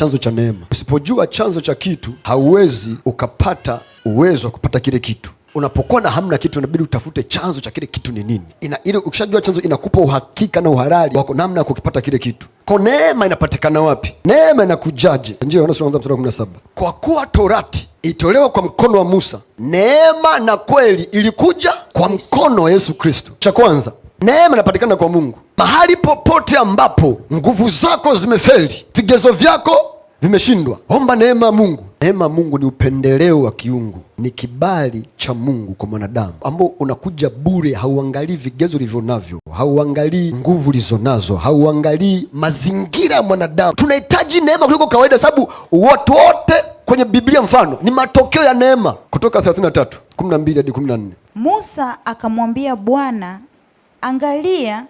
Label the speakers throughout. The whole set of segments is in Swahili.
Speaker 1: chanzo cha neema. Usipojua chanzo cha kitu, hauwezi ukapata uwezo wa kupata kile kitu. Unapokuwa na hamna kitu, inabidi utafute chanzo cha kile kitu ni nini. Ina ile ukishajua chanzo, inakupa uhakika na uhalali wako namna ya kukipata kile kitu. Kwa neema inapatikana wapi? Neema inakujaje? Njia Yohana sura ya kwa kuwa torati itolewa kwa mkono wa Musa, neema na kweli ilikuja kwa mkono wa Yesu Kristo. Cha kwanza Neema inapatikana kwa Mungu. Mahali popote ambapo nguvu zako zimefeli, vigezo vyako vimeshindwa, omba neema ya Mungu. Neema ya Mungu ni upendeleo wa kiungu, ni kibali cha Mungu kwa mwanadamu ambao unakuja bure. Hauangalii vigezo ulivyo navyo, hauangalii nguvu ulizo nazo, hauangalii mazingira ya mwanadamu. Tunahitaji neema kuliko kawaida, sababu watu wote kwenye Biblia mfano ni matokeo ya neema. Kutoka 33:12 hadi 14,
Speaker 2: Musa akamwambia Bwana angalia,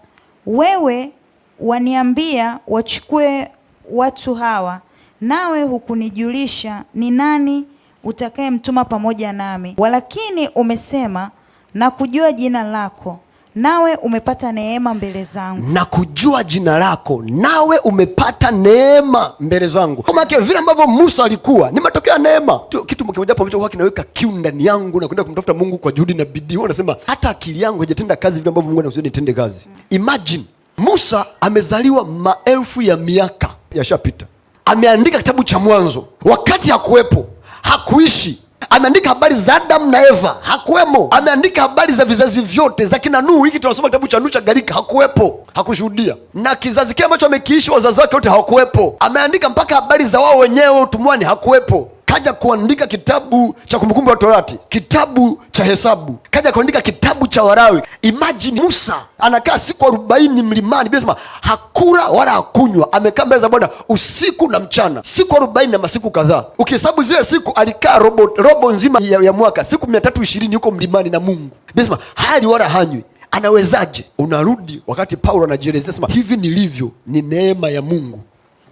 Speaker 2: wewe waniambia wachukue watu hawa, nawe hukunijulisha ni nani utakayemtuma pamoja nami. Walakini umesema, na kujua jina lako, nawe umepata neema mbele zangu,
Speaker 1: na kujua jina lako, nawe umepata neema mbele zangu. Maana vile ambavyo Musa alikuwa ni matokeo ya neema. Kitu hapo ambacho kinaweka kiu ndani yangu na kwenda kumtafuta Mungu kwa juhudi na bidii, huwa nasema hata akili yangu haijatenda kazi vile ambavyo Mungu anasema nitende kazi. Imagine Musa amezaliwa, maelfu ya miaka yashapita, ameandika kitabu cha Mwanzo wakati hakuwepo, hakuishi ameandika habari za Adamu na Eva, hakuwemo. Ameandika habari za vizazi vyote za kina Nuhu, hiki tunasoma kitabu cha Nuhu cha gharika, hakuwepo, hakushuhudia. Na kizazi kile ambacho amekiishi wazazi wake wote hawakuwepo. Ameandika mpaka habari za wao wenyewe utumwani, hakuwepo kaja kuandika kitabu cha Kumbukumbu la Torati, kitabu cha Hesabu, kaja kuandika kitabu cha Warawi. Imagine Musa anakaa siku arobaini mlimani bila sema hakula wala hakunywa, amekaa mbele za Bwana usiku na mchana, siku arobaini na masiku kadhaa. Ukihesabu zile siku alikaa robo, robo nzima ya, ya mwaka siku mia tatu ishirini yuko mlimani na Mungu bila sema hali wala hanywi Anawezaje? Unarudi wakati Paulo anajielezea sema hivi nilivyo ni neema ya Mungu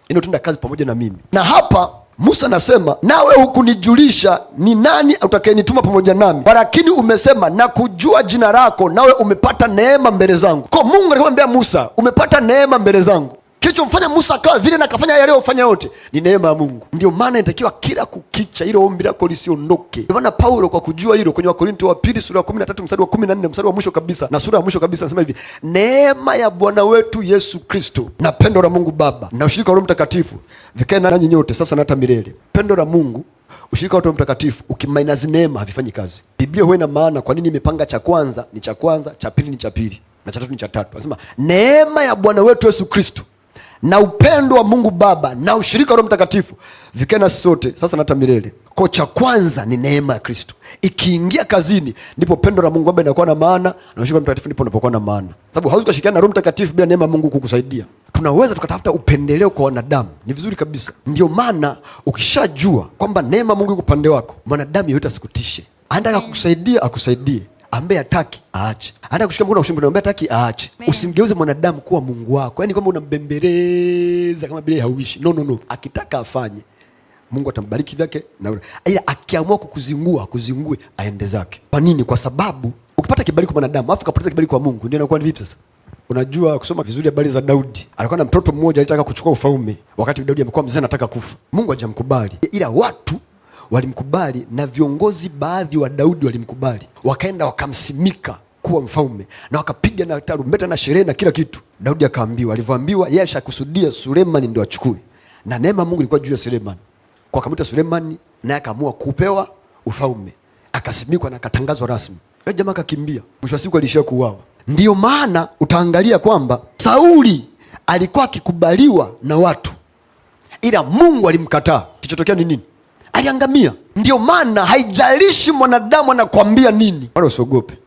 Speaker 1: inayotenda kazi pamoja na mimi. Na hapa Musa anasema nawe hukunijulisha ni nani utakayenituma pamoja nami, walakini umesema na kujua jina lako, nawe umepata neema mbele zangu. Kwa Mungu alikuambia Musa, umepata neema mbele zangu kilichomfanya Musa akawa vile na akafanya yale aliyofanya yote ni neema ya Mungu. Ndio maana inatakiwa kila kukicha hilo ombi lako lisiondoke. Ndio maana Paulo kwa kujua hilo kwenye Wakorinto wa pili sura ya 13 mstari wa 14 mstari wa mwisho kabisa na sura ya mwisho kabisa anasema hivi, neema ya Bwana wetu Yesu Kristo na pendo la Mungu Baba na ushirika wa Roho Mtakatifu vikae nanyi nyote sasa na hata milele. Pendo la Mungu ushirika wote wa Mtakatifu ukimainazi neema havifanyi kazi. Biblia huwa ina maana kwa nini imepanga cha kwanza ni cha kwanza, cha pili ni cha pili na cha tatu ni cha tatu. Anasema neema ya Bwana wetu Yesu Kristo na upendo wa Mungu Baba na ushirika wa Roho Mtakatifu vikae nasi sote sasa na hata milele. Kocha kwanza ni neema ya Kristo ikiingia kazini, ndipo pendo la Mungu Baba linakuwa na maana na ushirika wa Mtakatifu ndipo unapokuwa na maana, sababu hauwezi kushirikiana na Roho Mtakatifu bila neema ya Mungu kukusaidia. Tunaweza tukatafuta upendeleo kwa wanadamu, ni vizuri kabisa. Ndio maana ukishajua kwamba neema Mungu iko upande wako, mwanadamu yeyote asikutishe, anataka kukusaidia akusaidie ambaye hataki aache. Hata kushika mkono ushimbe, ambaye hataki aache. Usimgeuze mwanadamu kuwa Mungu wako, yaani kwamba unambembeleza kama bila hauishi. No, no, no, akitaka afanye Mungu atambariki vyake, na ila akiamua kukuzingua kuzingue, aende zake. Kwa nini? Kwa sababu ukipata kibali kwa mwanadamu afu kapoteza kibali kwa Mungu, ndio inakuwa ni vipi sasa? Unajua kusoma vizuri habari za Daudi, alikuwa na mtoto mmoja alitaka kuchukua ufaume, wakati Daudi amekuwa mzee, anataka kufa. Mungu hajamkubali, ila watu walimkubali na viongozi baadhi wa Daudi walimkubali, wakaenda wakamsimika kuwa mfalme na wakapiga na tarumbeta na sherehe na kila kitu. Daudi akaambiwa, alivyoambiwa yeye ashakusudia Sulemani ndio achukue, na neema Mungu ilikuwa juu ya Sulemani, kwa kamuta Sulemani naye akaamua kupewa ufalme, akasimikwa na akatangazwa rasmi. Yeye jamaa akakimbia, mwisho wa siku alishia kuuawa. Ndiyo maana utaangalia kwamba Sauli alikuwa akikubaliwa na watu, ila Mungu alimkataa. Kichotokea ni nini? aliangamia. Ndio maana haijalishi mwanadamu anakuambia nini, wala usiogope.